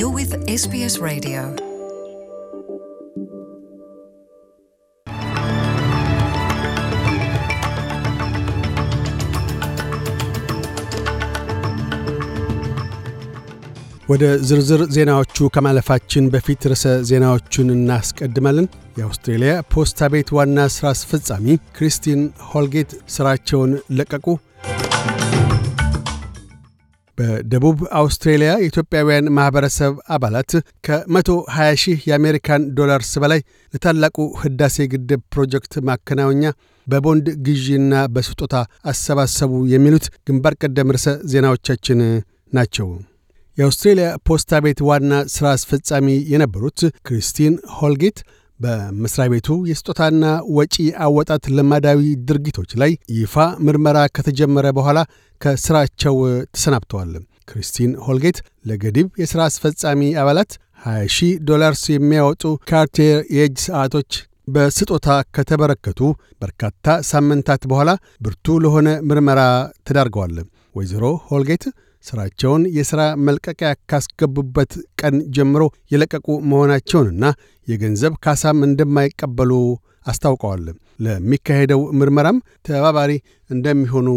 You're with SBS Radio. ወደ ዝርዝር ዜናዎቹ ከማለፋችን በፊት ርዕሰ ዜናዎቹን እናስቀድማለን። የአውስትሬልያ ፖስታ ቤት ዋና ሥራ አስፈጻሚ ክሪስቲን ሆልጌት ሥራቸውን ለቀቁ። በደቡብ አውስትሬልያ የኢትዮጵያውያን ማኅበረሰብ አባላት ከ120 ሺህ የአሜሪካን ዶላርስ በላይ ለታላቁ ሕዳሴ ግድብ ፕሮጀክት ማከናወኛ በቦንድ ግዢና በስጦታ አሰባሰቡ የሚሉት ግንባር ቀደም ርዕሰ ዜናዎቻችን ናቸው። የአውስትሬልያ ፖስታ ቤት ዋና ሥራ አስፈጻሚ የነበሩት ክሪስቲን ሆልጌት በመስሪያ ቤቱ የስጦታና ወጪ አወጣት ልማዳዊ ድርጊቶች ላይ ይፋ ምርመራ ከተጀመረ በኋላ ከስራቸው ተሰናብተዋል። ክሪስቲን ሆልጌት ለገዲብ የሥራ አስፈጻሚ አባላት 20 ሺህ ዶላርስ የሚያወጡ ካርቴር የእጅ ሰዓቶች በስጦታ ከተበረከቱ በርካታ ሳምንታት በኋላ ብርቱ ለሆነ ምርመራ ተዳርገዋል። ወይዘሮ ሆልጌት ስራቸውን የሥራ መልቀቂያ ካስገቡበት ቀን ጀምሮ የለቀቁ መሆናቸውንና የገንዘብ ካሳም እንደማይቀበሉ አስታውቀዋል። ለሚካሄደው ምርመራም ተባባሪ እንደሚሆኑ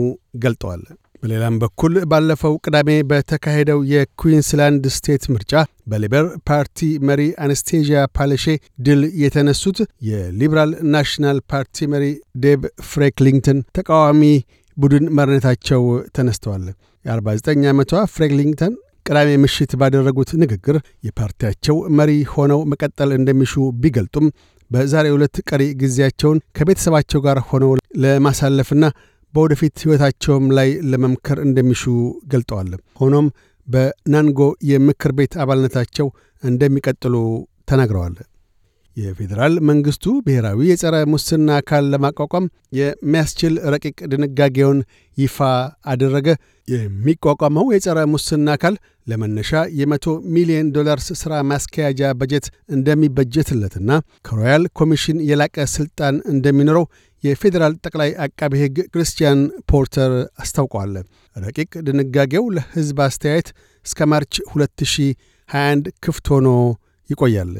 ገልጠዋል። በሌላም በኩል ባለፈው ቅዳሜ በተካሄደው የኩዊንስላንድ ስቴት ምርጫ በሊበር ፓርቲ መሪ አነስቴዥያ ፓለሼ ድል የተነሱት የሊበራል ናሽናል ፓርቲ መሪ ዴብ ፍሬክሊንግተን ተቃዋሚ ቡድን መሪነታቸው ተነስተዋል። የ49 ዓመቷ ፍሬግሊንግተን ቅዳሜ ምሽት ባደረጉት ንግግር የፓርቲያቸው መሪ ሆነው መቀጠል እንደሚሹ ቢገልጡም በዛሬ ሁለት ቀሪ ጊዜያቸውን ከቤተሰባቸው ጋር ሆነው ለማሳለፍና በወደፊት ሕይወታቸውም ላይ ለመምከር እንደሚሹ ገልጠዋል። ሆኖም በናንጎ የምክር ቤት አባልነታቸው እንደሚቀጥሉ ተናግረዋል። የፌዴራል መንግስቱ ብሔራዊ የጸረ ሙስና አካል ለማቋቋም የሚያስችል ረቂቅ ድንጋጌውን ይፋ አደረገ። የሚቋቋመው የጸረ ሙስና አካል ለመነሻ የመቶ ሚሊዮን ዶላርስ ሥራ ማስኪያጃ በጀት እንደሚበጀትለትና ከሮያል ኮሚሽን የላቀ ሥልጣን እንደሚኖረው የፌዴራል ጠቅላይ አቃቤ ሕግ ክርስቲያን ፖርተር አስታውቋል። ረቂቅ ድንጋጌው ለሕዝብ አስተያየት እስከ ማርች 2021 ክፍት ሆኖ ይቆያል።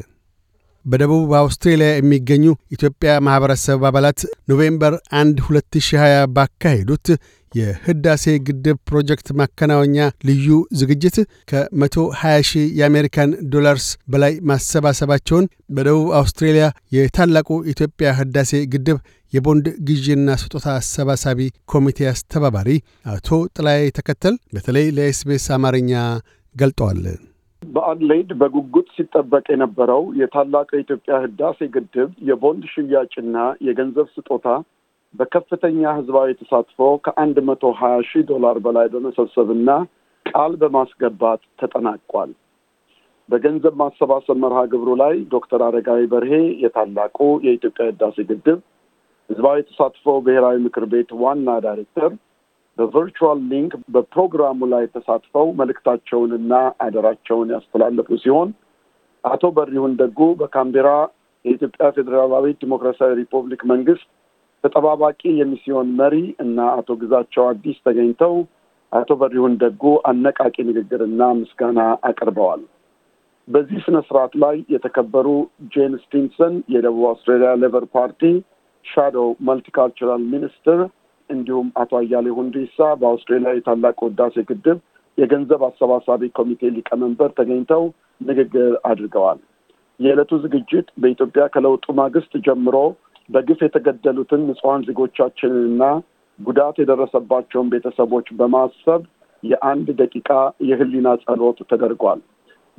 በደቡብ አውስትሬልያ የሚገኙ ኢትዮጵያ ማኅበረሰብ አባላት ኖቬምበር 1 2020 ባካሄዱት የህዳሴ ግድብ ፕሮጀክት ማከናወኛ ልዩ ዝግጅት ከ120 ሺህ የአሜሪካን ዶላርስ በላይ ማሰባሰባቸውን በደቡብ አውስትሬልያ የታላቁ ኢትዮጵያ ህዳሴ ግድብ የቦንድ ግዢና ስጦታ አሰባሳቢ ኮሚቴ አስተባባሪ አቶ ጥላይ ተከተል በተለይ ለኤስቤስ አማርኛ ገልጠዋል። በአድሌድ በጉጉት ሲጠበቅ የነበረው የታላቁ የኢትዮጵያ ህዳሴ ግድብ የቦንድ ሽያጭና የገንዘብ ስጦታ በከፍተኛ ህዝባዊ ተሳትፎ ከአንድ መቶ ሀያ ሺህ ዶላር በላይ በመሰብሰብና ቃል በማስገባት ተጠናቋል። በገንዘብ ማሰባሰብ መርሃ ግብሩ ላይ ዶክተር አረጋዊ በርሄ የታላቁ የኢትዮጵያ ህዳሴ ግድብ ህዝባዊ ተሳትፎ ብሔራዊ ምክር ቤት ዋና ዳይሬክተር በቨርቹዋል ሊንክ በፕሮግራሙ ላይ ተሳትፈው መልእክታቸውንና አደራቸውን ያስተላለፉ ሲሆን አቶ በሪሁን ደጉ በካምቤራ የኢትዮጵያ ፌዴራላዊ ዲሞክራሲያዊ ሪፐብሊክ መንግስት ተጠባባቂ የሚስዮን መሪ እና አቶ ግዛቸው አዲስ ተገኝተው አቶ በሪሁን ደጉ አነቃቂ ንግግርና ምስጋና አቅርበዋል። በዚህ ስነ ስርዓት ላይ የተከበሩ ጄን ስቲንሰን የደቡብ አውስትራሊያ ሌቨር ፓርቲ ሻዶው መልቲካልቸራል ሚኒስትር እንዲሁም አቶ አያሌ ሁንዴሳ በአውስትሬሊያ የታላቅ ወዳሴ ግድብ የገንዘብ አሰባሳቢ ኮሚቴ ሊቀመንበር ተገኝተው ንግግር አድርገዋል። የዕለቱ ዝግጅት በኢትዮጵያ ከለውጡ ማግስት ጀምሮ በግፍ የተገደሉትን ንጹሐን ዜጎቻችንንና ጉዳት የደረሰባቸውን ቤተሰቦች በማሰብ የአንድ ደቂቃ የህሊና ጸሎት ተደርጓል።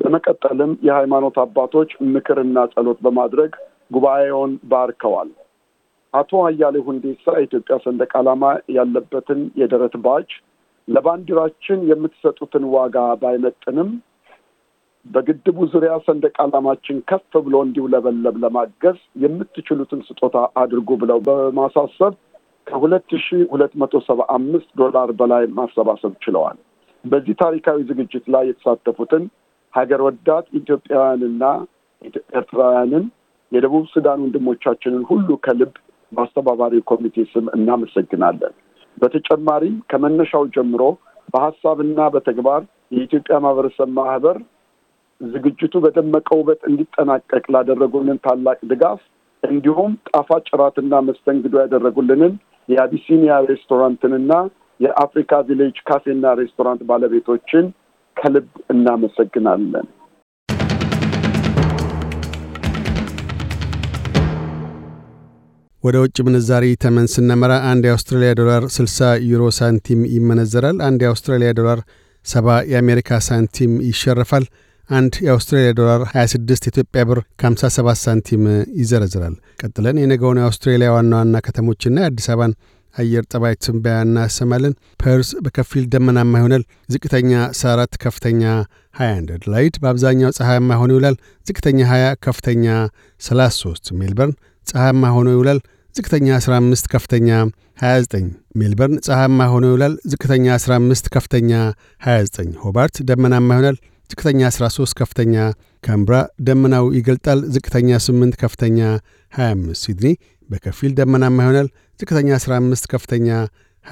በመቀጠልም የሃይማኖት አባቶች ምክርና ጸሎት በማድረግ ጉባኤውን ባርከዋል። አቶ አያሌ ሁንዴሳ የኢትዮጵያ ሰንደቅ ዓላማ ያለበትን የደረት ባጅ ለባንዲራችን የምትሰጡትን ዋጋ ባይመጥንም በግድቡ ዙሪያ ሰንደቅ ዓላማችን ከፍ ብሎ እንዲውለበለብ ለማገዝ የምትችሉትን ስጦታ አድርጉ ብለው በማሳሰብ ከሁለት ሺ ሁለት መቶ ሰባ አምስት ዶላር በላይ ማሰባሰብ ችለዋል። በዚህ ታሪካዊ ዝግጅት ላይ የተሳተፉትን ሀገር ወዳድ ኢትዮጵያውያንና ኤርትራውያንን የደቡብ ሱዳን ወንድሞቻችንን ሁሉ ከልብ ማስተባባሪ ኮሚቴ ስም እናመሰግናለን። በተጨማሪም ከመነሻው ጀምሮ በሀሳብና በተግባር የኢትዮጵያ ማህበረሰብ ማህበር ዝግጅቱ በደመቀ ውበት እንዲጠናቀቅ ላደረጉልን ታላቅ ድጋፍ እንዲሁም ጣፋጭ ጭራትና መስተንግዶ ያደረጉልንን የአቢሲኒያ ሬስቶራንትንና የአፍሪካ ቪሌጅ ካፌና ሬስቶራንት ባለቤቶችን ከልብ እናመሰግናለን። ወደ ውጭ ምንዛሪ ተመን ስነመራ አንድ የአውስትራሊያ ዶላር 60 ዩሮ ሳንቲም ይመነዘራል። አንድ የአውስትራሊያ ዶላር 70 የአሜሪካ ሳንቲም ይሸርፋል። አንድ የአውስትራሊያ ዶላር 26 ኢትዮጵያ ብር ከ57 ሳንቲም ይዘረዝራል። ቀጥለን የነገውን የአውስትራሊያ ዋና ዋና ከተሞችና የአዲስ አበባን አየር ጠባይ ትንበያ እናሰማለን። ፐርስ በከፊል ደመናማ ይሆናል። ዝቅተኛ 14፣ ከፍተኛ 21። አድላይድ በአብዛኛው ፀሐያማ ይሆን ይውላል። ዝቅተኛ 20፣ ከፍተኛ 33። ሜልበርን ፀሐያማ ሆኖ ይውላል። ዝቅተኛ 15 ከፍተኛ 29። ሜልበርን ፀሐያማ ሆኖ ይውላል። ዝቅተኛ 15 ከፍተኛ 29። ሆባርት ደመናማ ይሆናል። ዝቅተኛ 13 ከፍተኛ ካምብራ ደመናው ይገልጣል። ዝቅተኛ 8 ከፍተኛ 25። ሲድኒ በከፊል ደመናማ ይሆናል። ዝቅተኛ 15 ከፍተኛ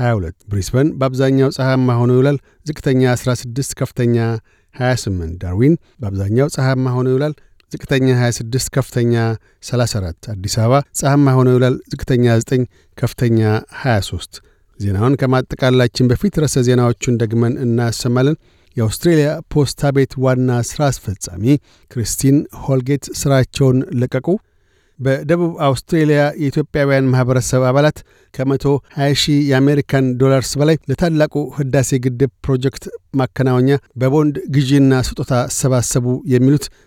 22። ብሪስበን በአብዛኛው ፀሐያማ ሆኖ ይውላል። ዝቅተኛ 16 ከፍተኛ 28። ዳርዊን በአብዛኛው ፀሐያማ ሆኖ ይውላል። ዝቅተኛ 26፣ ከፍተኛ 34። አዲስ አበባ ፀሐማ ሆኖ ይውላል። ዝቅተኛ 9፣ ከፍተኛ 23። ዜናውን ከማጠቃላችን በፊት ርዕሰ ዜናዎቹን ደግመን እናሰማለን። የአውስትሬልያ ፖስታ ቤት ዋና ሥራ አስፈጻሚ ክሪስቲን ሆልጌት ሥራቸውን ለቀቁ። በደቡብ አውስትሬልያ የኢትዮጵያውያን ማኅበረሰብ አባላት ከ120 ሺህ የአሜሪካን ዶላርስ በላይ ለታላቁ ሕዳሴ ግድብ ፕሮጀክት ማከናወኛ በቦንድ ግዢና ስጦታ አሰባሰቡ። የሚሉት